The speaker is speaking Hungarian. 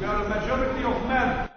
We are a majority of men.